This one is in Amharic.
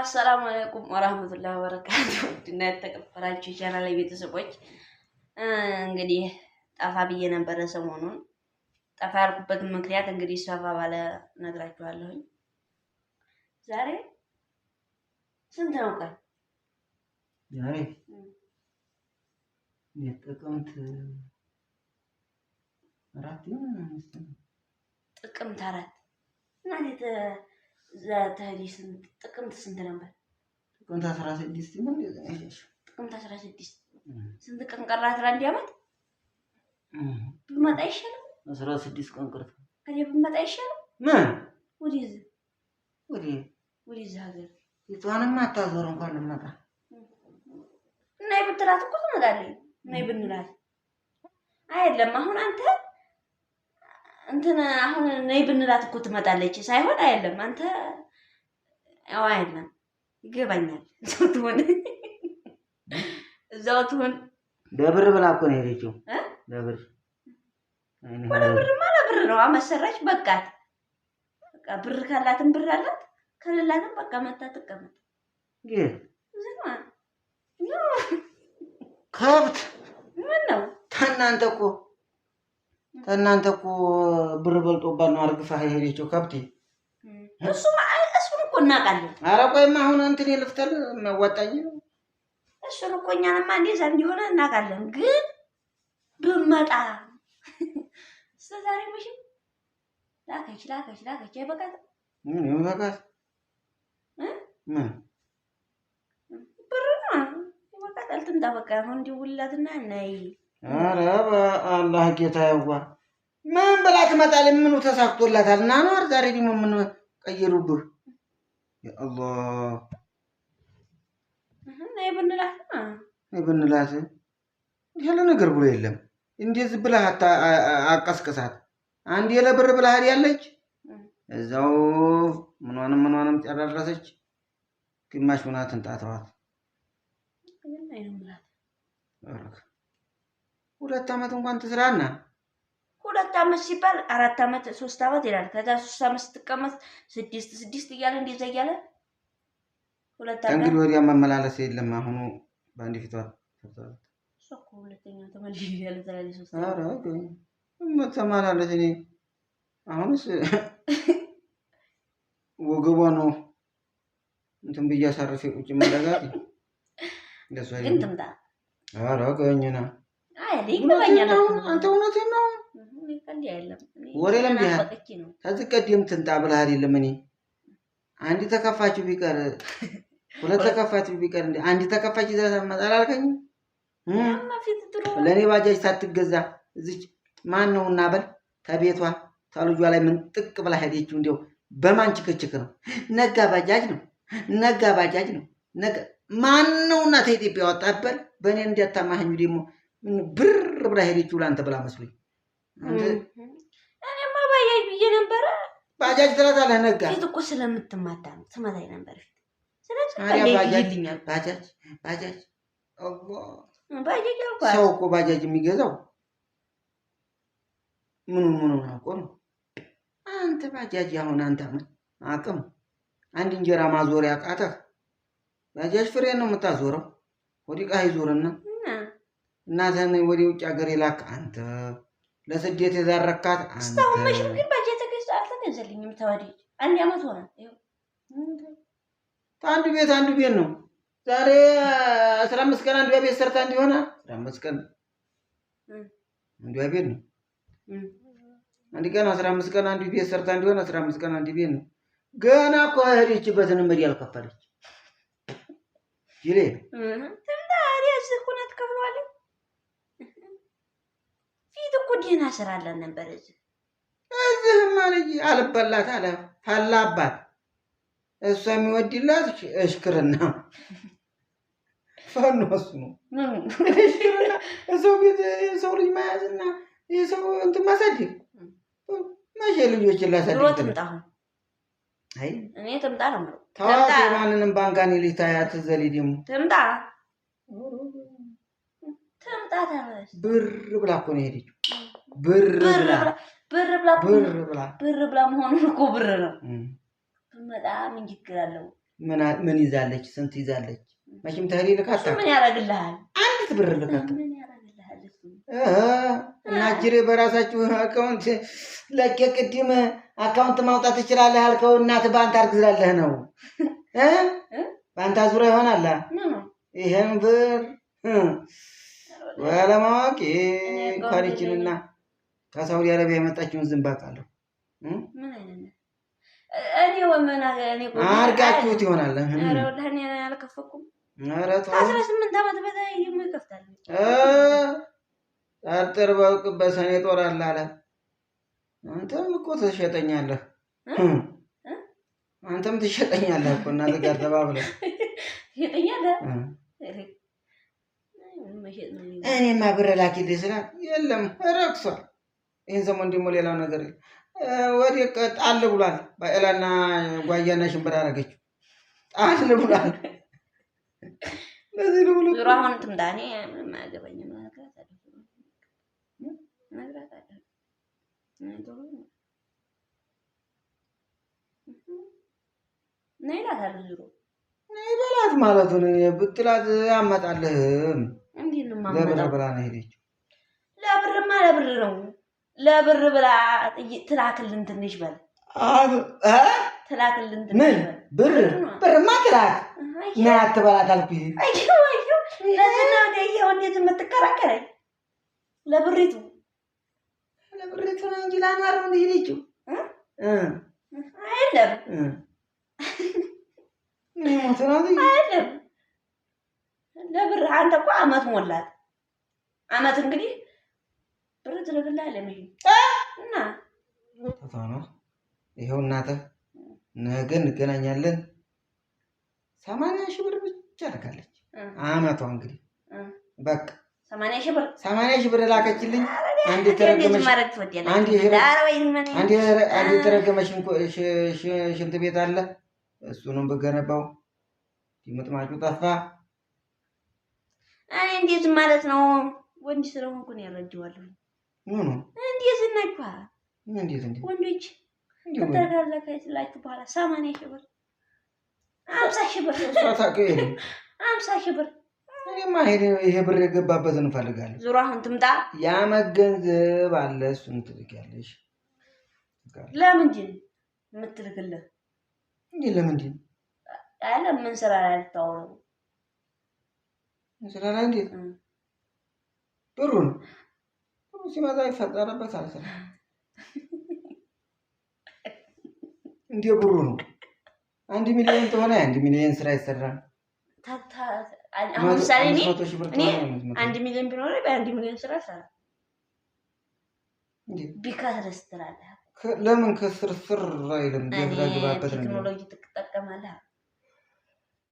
አሰላሙ አለይኩም ወራህመቱላሂ ወበረካቱ እና የተከበራችሁ የቻናል ቤተሰቦች እንግዲህ ጠፋ ብዬ ነበረ። ሰሞኑን ጠፋ ያልኩበትን ምክንያት እንግዲህ ሰፋ ባለ ነግራችኋለሁኝ። ዛሬ ስንት ነው ቀን? ዛሬ የጥቅምት አራት ነው። ጥቅምት አራት ማለት ዛተሪ ስንት ጥቅምት ስንት ነበር? ጥቅምት አስራ ስድስት ጥቅምት አስራ ስድስት ስንት ቀን ቀራት? ለአንድ ዓመት ብመጣ አይሻልም? አስራ ስድስት ቀን ቀርቶ እኔ ብመጣ አይሻልም? ምን ወደዚህ ወደዚህ ወደዚህ ሀገር የቷንም አታዞር እንኳን ልመጣ እና ብትላት እኮ ትመጣለች። እና ብንላት አይደለም አሁን አንተ እንትን አሁን ነይ ብንላት እኮ ትመጣለች ሳይሆን አይደለም አንተ ያው አይደለም ይገባኛል። እዛው ትሆን እዛው ትሆን ለብር ብላ እኮ ነው የሄደችው። ለብር ብርማ ለብር ነው አመሰራች። በቃት በቃ ብር ካላትም ብር አላት፣ ከሌላትም በቃ መታ ትቀመጥ ከብት ምን ነው ታናንተ እኮ እናንተ እኮ ብር በልጦባት ነው አርግፋ የሄደችው ከብቴ። እሱም እሱን እኮ እናውቃለን። ኧረ ቆይማ አሁን እንትን የልፍተል መወጣኝ እሱን እኮ እኛንማ እንደዛ እንዲሆነ እናውቃለን። ግን ብመጣ እስከ ዛሬ ምሽም ላከች ላከች ላከች አይበቃት ይበቃት? ብር ነው ይበቃታል። ትምጣ በቃ አሁን እንዲውላትና ነይ። ኧረ በአላህ ጌታ ያዋ ምን ብላ ትመጣለች? ምኑ ተሳክቶላታል? እና ነር ዛሬ ደግሞ ምን ቀይሩብህ? ያአላህ ብንላት ያለ ነገር ብሎ የለም። እንደዚህ ብለህ አቀስቅሳት። አንድ የለብር ብለህ ያለች እዛው ምኗንም ምኗንም ጨራረሰች። ግማሽ ምናት እንጣተዋት ሁለት ዓመት እንኳን ትስራና ሁለት ዓመት ሲባል አራት አመት ሶስት አመት ይላል። ከዛ ሶስት አመት ስትቀመጥ ስድስት ስድስት እያለ እንደዛ እያለ ሁለት ዓመት ወዲያ መመላለስ የለም። አሁኑ በአንድ ፊቷል ሁለተኛ ተመላለስ። እኔ አሁንስ ወገቧ ነው እንትን ብዬ አሳርፌ ቁጭ መረጋት ግን ትምጣ። ኧረ ቆይኝና አንተ እውነቴን ነው ወሬ ለምዲያ ከዚህ ቀደም ትንጣ ብለህ አይደለም? እኔ አንድ ተከፋች ቢቀር ሁለት ተከፋች ቢቀር እንደ አንድ ተከፋች ይዘህ ትመጣለህ አልከኝ። ለእኔ ባጃጅ ሳትገዛ እዚች ማን ነው እናበል ከቤቷ ከልጇ ላይ ምን ጥቅ ብላ ሄደችው። እንዲያው በማን ችክችክ ነው? ነጋ ባጃጅ ነው፣ ነጋ ባጃጅ ነው። ነገ ማን ነው እና ተኢትዮጵያ ወጣበል በእኔ እንዲያታማህኙ ደግሞ ብር ብላ ሄደችው። ለአንተ ብላ መስሎኝ እኔማ ባጃጅ ብዬ ነበረ። ባጃጅ ትላታለህ። ነጋ ፊት እኮ ስለምትማታ ነው ትመታኝ ነበር። ባጃጅ ሰው እኮ ባጃጅ የሚገዛው ምኑን ምኑን አውቆ ነው። አንተ ባጃጅ አሁን አንተ አቅም አንድ እንጀራ ማዞሪያ አቃተህ። ባጃጅ ፍሬ ነው የምታዞረው። ወዲህ ዕቃ ይዞርና እናትህን ወደ ውጭ ሀገር የላክ አንተ ለስደት የዳረካት እስካሁን መቼም ግን ባጀት ተገዝቶ አልተገዘልኝም። ተወደጅ አንድ አመት ሆነ። አንድ ቤት አንድ ቤት ነው። ዛሬ አስራ አምስት ቀን አንዷ ቤት ሰርታ እንዲሆና አስራ አምስት ቀን አንዷ ቤት ነው። አንድ ቀን አስራ አምስት ቀን አንዱ ቤት ሰርታ እንዲሆን አስራ አምስት ቀን አንድ ቤት ነው። ገና እኮ ሄደችበትን መዲ አልከፈለች ይሌ በፊት እኮ ደህና ስራ አለን ነበር። እዚህ እዚህማ ማለት አልበላት አለ ፈላባት። እሷ የሚወድላት እሽክርና ፈኖስ ነው። እሽክርና የሰው ቤት የሰው ልጅ መያዝና የሰው እንትን ማሳደግ መቼ ልጆችን ላሳደግ እኔ ትምጣ ነው ታዋቂ ማንንም ባንካኒ ልጅ ታያት ዘሌ ደግሞ ትምጣ ብር ብላ እኮ ነው የሄደችው። ብር ብላ ብር ብላ ብር ብላ መሆኑን እኮ ብር ነው። በጣም እንጂ ችግር ምን ይዛለች? ስንት ይዛለች? መቼም ተህሊ ልካታ ምን ያደርግልሃል? አንዲት ብር ልካታ እና ጅሬ በራሳችሁ አካውንት ለቄ ቅድም አካውንት ማውጣት ትችላለህ ያልከው እናት በአንተ አድርግ ስላለህ ነው። በአንተ አዙሪያ ይሆናል ይህን ብር ባለማወቅ ካሪችንና ከሳውዲ አረቢያ የመጣችውን ዝም ባውቃለሁ አድርጋችሁት ይሆናል። አልከፈኩም። አስራ ስምንት ጦር አለ አንተም እኮ ትሸጠኛለህ፣ አንተም ትሸጠኛለህ እኮ እናት ጋር ተባብለህ እኔማ ብር ላኪልኝ ስላት የለም ረክሷል። ይህን ሰሞን ደግሞ ሌላው ነገር ጣል ብሏል። ባቄላና ጓያና ሽምብራ አደረገችው ጣል ብሏል። በዚህ ደብሎ አሁን ትምጣ። እኔ ነይ እላታለሁ። ዞሮ ነይ በላት ማለቱን ብትላት አመጣልህም እንዴት ነው የማመጣው? ለብር ብላ ነው የሄደችው። ለብርማ ለብር ነው። ለብር ብላ ትላክልን ትንሽ በል ትላክልን ምን ብር ብርማ ትላክ ና ትበላት አልኩኝ። ለትና ወደ እንዴት የምትከራከረኝ ለብሪቱ ለብሪቱ ነው እንጂ ለአኗር ነው የሄደችው አይደለም። ሞት ነው አይደለም ለብር አንተ እኮ አመት ሞላት። አመት እንግዲህ ብር ትልብላ ለምን እና ነው ይኸው እናተ ነገ እንገናኛለን። ሰማንያ ሺህ ብር ብቻ ልካለች። አመቷ እንግዲህ በቃ ሰማንያ ሺህ ብር ሰማንያ ሺህ ብር ላከችልኝ። አንድ የተረገመ ሽንት ቤት አለ፣ እሱንም ብገነባው ምጥማጩ ጠፋ። እኔ እንዴት ማለት ነው ወንድ ስለሆንኩ ነው ያረጀዋለሁ። ምን እንዴት እናይኳ ምን ወንዶች ስላችሁ በኋላ ሰማንያ ሺህ ብር አምሳ ሺህ ብር አምሳ ሺህ ብር እኔማ ይሄ ብር እንፈልጋለን። ዙሮ አሁን ትምጣ አለ። እሱን ትልኪያለሽ። ለምንድን እንዴ? ለምንድን አለ ምን ስራ ስራ እንዴት ጥሩ ነው። ጥሩ ሲመጣ ይፈጠረበታል። ስራ እንደ ብሩ ነው። አንድ ሚሊዮን ተሆነ አንድ ሚሊዮን ስራ ይሰራል። ምሳሌ እኔ አንድ ሚሊዮን ቢኖረ በአንድ ሚሊዮን ስራ ሰራ ቢከስርስ ትላለህ። ለምን ከስርስር አይልም? ቴክኖሎጂ ትጠቀማለህ